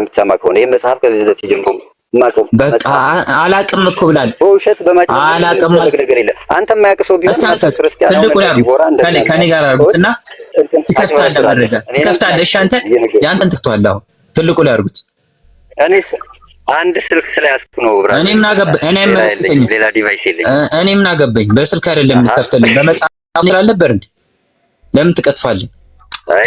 ነው የምትሰማ ከሆነ ይህ መጽሐፍ ከልጅነት ጀምሮ በቃ አላቅም እኮ ብላል። በውሸት በማጭበርበር ነገር የለም። አንተ የማያውቅ ሰው ቢሆን ትልቁን ያርጉት ከኔ ጋር ያርጉትና ትከፍታለህ፣ መረጃ ትከፍታለህ። እሺ አንተ የአንተን ትፍቷል። አሁን ትልቁ ላይ አርጉት። እኔስ አንድ ስልክ ስለያዝኩ ነው። እኔ ምን አገባኝ? እኔ ሌላ ዲቫይስ የለኝም። እኔ ምን አገባኝ? በስልክ አይደለም የምትከፍትልኝ። በመጽሐፍ ነበር እንዴ? ለምን ትቀጥፋለህ?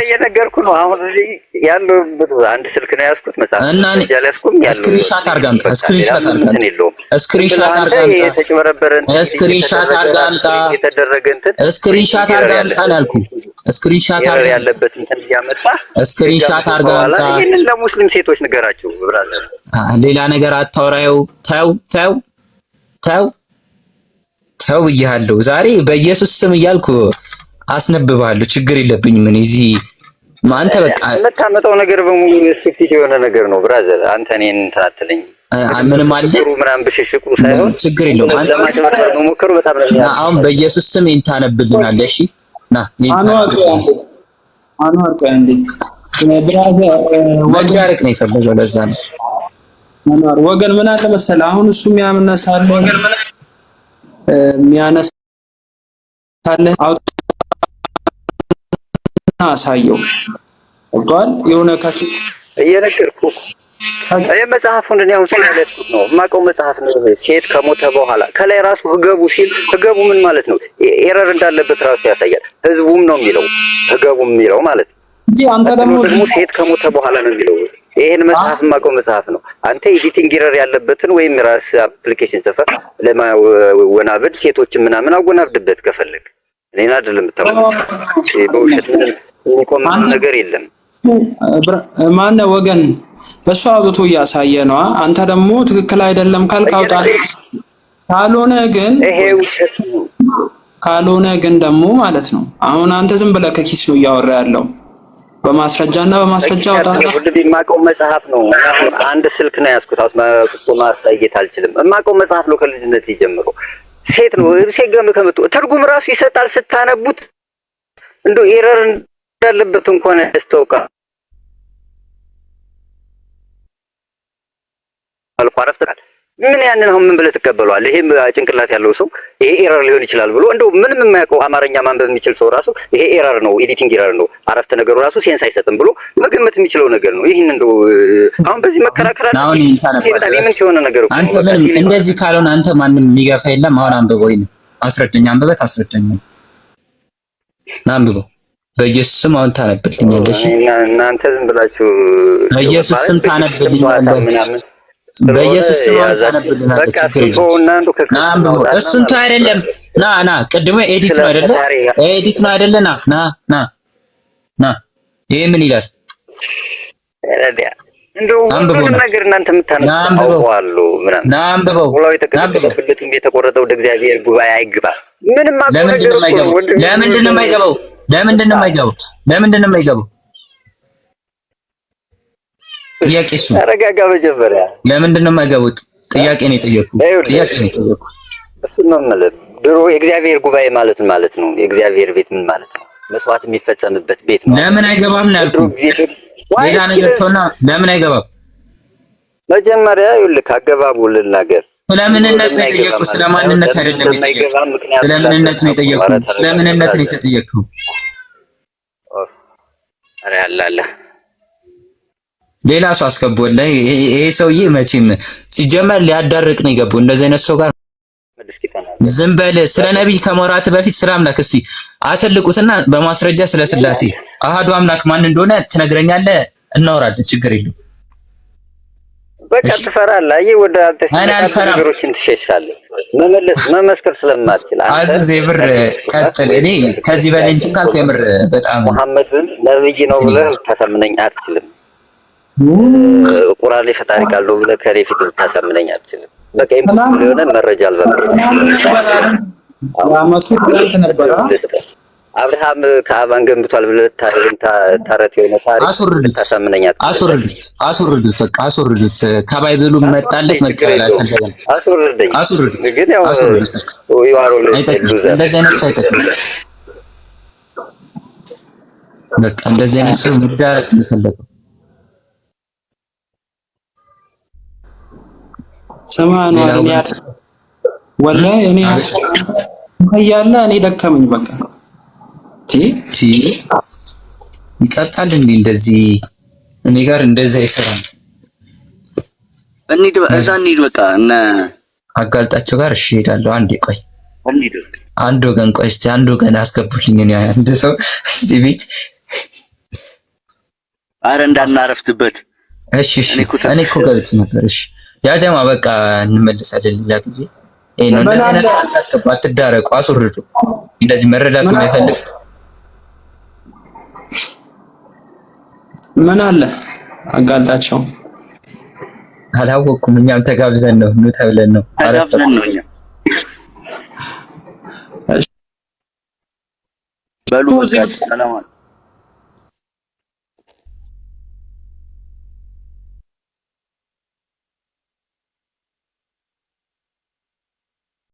እየነገርኩ ነው። አሁን እዚህ ያለሁበት አንድ ስልክ ነው ያዝኩት። መጽሐፍ እና እኔ ያዝኩም ያለው ስክሪንሻት አርጋምጣ፣ ስክሪንሻት አርጋምጣ፣ አምጣ፣ ስክሪንሻት አርጋምጣ፣ አምጣ፣ የተጨመረበረን ስክሪንሻት አርጋምጣ፣ አምጣ፣ የተደረገ እንትን ስክሪንሻት አርጋምጣ አምጣ አላልኩም? ስክሪንሻት አርጋ ያለበት እንትን እያመጣ ስክሪንሻት አርጋምጣ። አምጣ። ይሄንን ለሙስሊም ሴቶች ንገራቸው ብራዘር። ሌላ ነገር አታውራየው። ተው ተው ተው ተው ብያለሁ ዛሬ በኢየሱስ ስም እያልኩ አስነብባለሁ። ችግር የለብኝ። ምን እዚህ አንተ በቃ የምታመጣው ነገር በሙሉ ሪስትሪክቲቭ የሆነ ነገር ነው ብራዘር። አንተ እኔን እንትን አትለኝ ምንም አለ ምናምን ብሽሽቁ ሳይሆን ችግር የለውም። አንተ መሞከሩ በጣም ነው። አሁን በኢየሱስ ስም ታነብልናለህ። እሺ ና አኗር ቆይ እንዴ ብራዘር ወንጃርክ ነው የፈለገው ለዛ ነው አንዋር ወገን ምን አለ መሰለህ አሁን እሱ የሚያምነሳለህ ወገን ምን የሚያነሳለህ አሳየው እንኳን የሆነ ካኪ እየነገርኩህ እኔ መጽሐፉን እኔ አሁን ስለለጥኩት ነው የማውቀው መጽሐፍ ነው። ሴት ከሞተ በኋላ ከላይ ራሱ ህገቡ ሲል ህገቡ ምን ማለት ነው? ኤረር እንዳለበት ራሱ ያሳያል። ህዝቡም ነው የሚለው ህገቡም የሚለው ማለት ነው። እዚህ አንተ ደግሞ ሴት ከሞተ በኋላ ነው የሚለው። ይሄን መጽሐፍ የማውቀው መጽሐፍ ነው። አንተ ኤዲቲንግ ኤረር ያለበትን ወይም ራስ አፕሊኬሽን ጽፈ ለማወናብድ ሴቶችን ምናምን አወናብድበት ከፈለግ እኔን አይደለም ተባለ በውሸት የሚቆም ነገር የለም። ማነው ወገን እሱ አውጥቶ እያሳየ ነው። አንተ ደግሞ ትክክል አይደለም ካልክ አውጣ። ካልሆነ ግን ካልሆነ ግን ደግሞ ማለት ነው አሁን አንተ ዝም ብለህ ከኪስ ነው እያወራ ያለው በማስረጃ እና በማስረጃ አውጣ። ሁሉም የማውቀው መጽሐፍ ነው። አንድ ስልክ ነው ያዝኩት። ማሳየት አልችልም። የማውቀው መጽሐፍ ነው ከልጅነት ጀምሮ። ሴት ነው ሴት ገመ ከመጡ ትርጉም ራሱ ይሰጣል ስታነቡት እንዶ ኤረርን ያለበት እንኳን ያስተውቃ አልቋረፍ ምን ያንን አሁን ምን ብለህ ትቀበለዋለህ? ይሄ ጭንቅላት ያለው ሰው ይሄ ኤረር ሊሆን ይችላል ብሎ እንደው ምንም የማያውቀው አማርኛ ማንበብ የሚችል ሰው ራሱ ይሄ ኤረር ነው፣ ኤዲቲንግ ኤረር ነው፣ አረፍተ ነገሩ ራሱ ሴንስ አይሰጥም ብሎ መገመት የሚችለው ነገር ነው። ይህን እንደው አሁን በዚህ መከራከር አለ። በጣም ምን ሲሆነ ነገር አንተ ምንም እንደዚህ ካልሆነ አንተ ማንም የሚገፋ የለም። አሁን አንብበው፣ ይሄን አስረዳኝ፣ አንብበት፣ አስረዳኝ፣ አንብበው በኢየሱስ ስም አሁን ታነብልኛለሽ። እናንተ ዝም ብላችሁ በኢየሱስ ስም ታነብልኛለሽ። በኢየሱስ ስም አሁን ታነብልናለች። እሱን ተው አይደለም። ና ና፣ ቅድሞ ኤዲት ነው አይደለ? ኤዲት ነው አይደለ? ና ና ና ና። ይሄ ምን ይላል? እንደው ነገር እናንተ ምናምን ወደ እግዚአብሔር ጉባኤ አይግባ። ምንም ለምንድን ነው የማይገባው? ለምንድን ነው የማይገቡ? ለምንድን ነው የማይገቡ? ጥያቄ እሱ ተረጋጋ። መጀመሪያ ለምንድን ነው የማይገቡት? ጥያቄ ነው የጠየኩት። ጥያቄ ነው የጠየኩት። እሱ ነው ማለት ድሮ የእግዚአብሔር ጉባኤ ማለት ማለት ነው። የእግዚአብሔር ቤት ምን ማለት ነው? መስዋዕት የሚፈጸምበት ቤት ነው። ለምን አይገባም ነው ያልኩት። ሌላ ነገር ተውና ለምን አይገባም? መጀመሪያ ይኸውልህ አገባቡ ልናገር ስለምንነት ነው የጠየቅኩት፣ ስለማንነት አይደለም የጠየቅኩት። ስለምንነት ነው የጠየቅኩት፣ ስለምንነት ነው የተጠየቅኩት። ሌላ ሰው አስገቦላ። ይሄ ሰውዬ መቼም ሲጀመር ሊያዳርቅ ነው የገቡ። እንደዚህ አይነት ሰው ጋር ዝም በል። ስለ ነቢይ ከመውራት በፊት ስለ አምላክ እስቲ አትልቁትና በማስረጃ ስለ ስላሴ አሃዱ አምላክ ማን እንደሆነ ትነግረኛለህ፣ እናወራለን። ችግር የለም። በቃ ትፈራለህ። አየህ ወደ አንተ ነገሮችን ትሸሻለህ። መመለስ መመስከር ስለማትችል አዝዜ ብር ቀጥል። እኔ ከዚህ በላይ እንትን ካልኩ የምር በጣም መሐመድን ነብይ ነው ብለህ ልታሳምነኝ አትችልም። ቁራን ላይ ፈጣሪ ካለው ብለህ ከእኔ ፊት ልታሳምነኝ አትችልም። በቃ የሆነ መረጃ አልበለኝም። አመቱ ነበረ አብርሃም ከአባን ገንብቷል ብለህ ታረት የሆነ ታሪክ ታሳምነኛት። አስወርዱት፣ አስወርዱት፣ በቃ አስወርዱት። ከባይብሉ መጣለት መቀበል አልፈለገም። አስወርደኝ፣ አስወርዱት፣ ግን ያው አስወርዱት። እንደዚህ አይነት ሰው አይጠቅም። በቃ እንደዚህ አይነት ሰው መዳረቅ የፈለገው ሰማን ነው ወላሂ። እኔ ያለ እኔ ደከመኝ በቃ ቲ ቲ ይቀጣል እንዴ? እንደዚህ እኔ ጋር እንደዚህ አይሰራም። እንሂድ፣ እዛ እንሂድ። በቃ እነ አጋልጣቸው ጋር እሺ፣ እሄዳለሁ። አንዴ ቆይ፣ አንድ ወገን ቆይ፣ እስቲ አንድ ወገን አስገቡልኝ። እኔ አንድ ሰው እስቲ ቤት። አረ እንዳናረፍትበት። እሺ፣ እሺ። እኔ እኮ ገብቼ ነበር። እሺ፣ ያ ጀማ በቃ እንመልሳለን ሌላ ጊዜ። ነው እንደዚህ አስገባ፣ አትዳረቁ፣ አስወርዱ። እንደዚህ መረዳት የማይፈልግ ምን አለ አጋልጣቸው። አላወኩም። እኛም ተጋብዘን ነው ኑ ተብለን ነው ተጋብዘን ነው እኛ በሉ ሰላም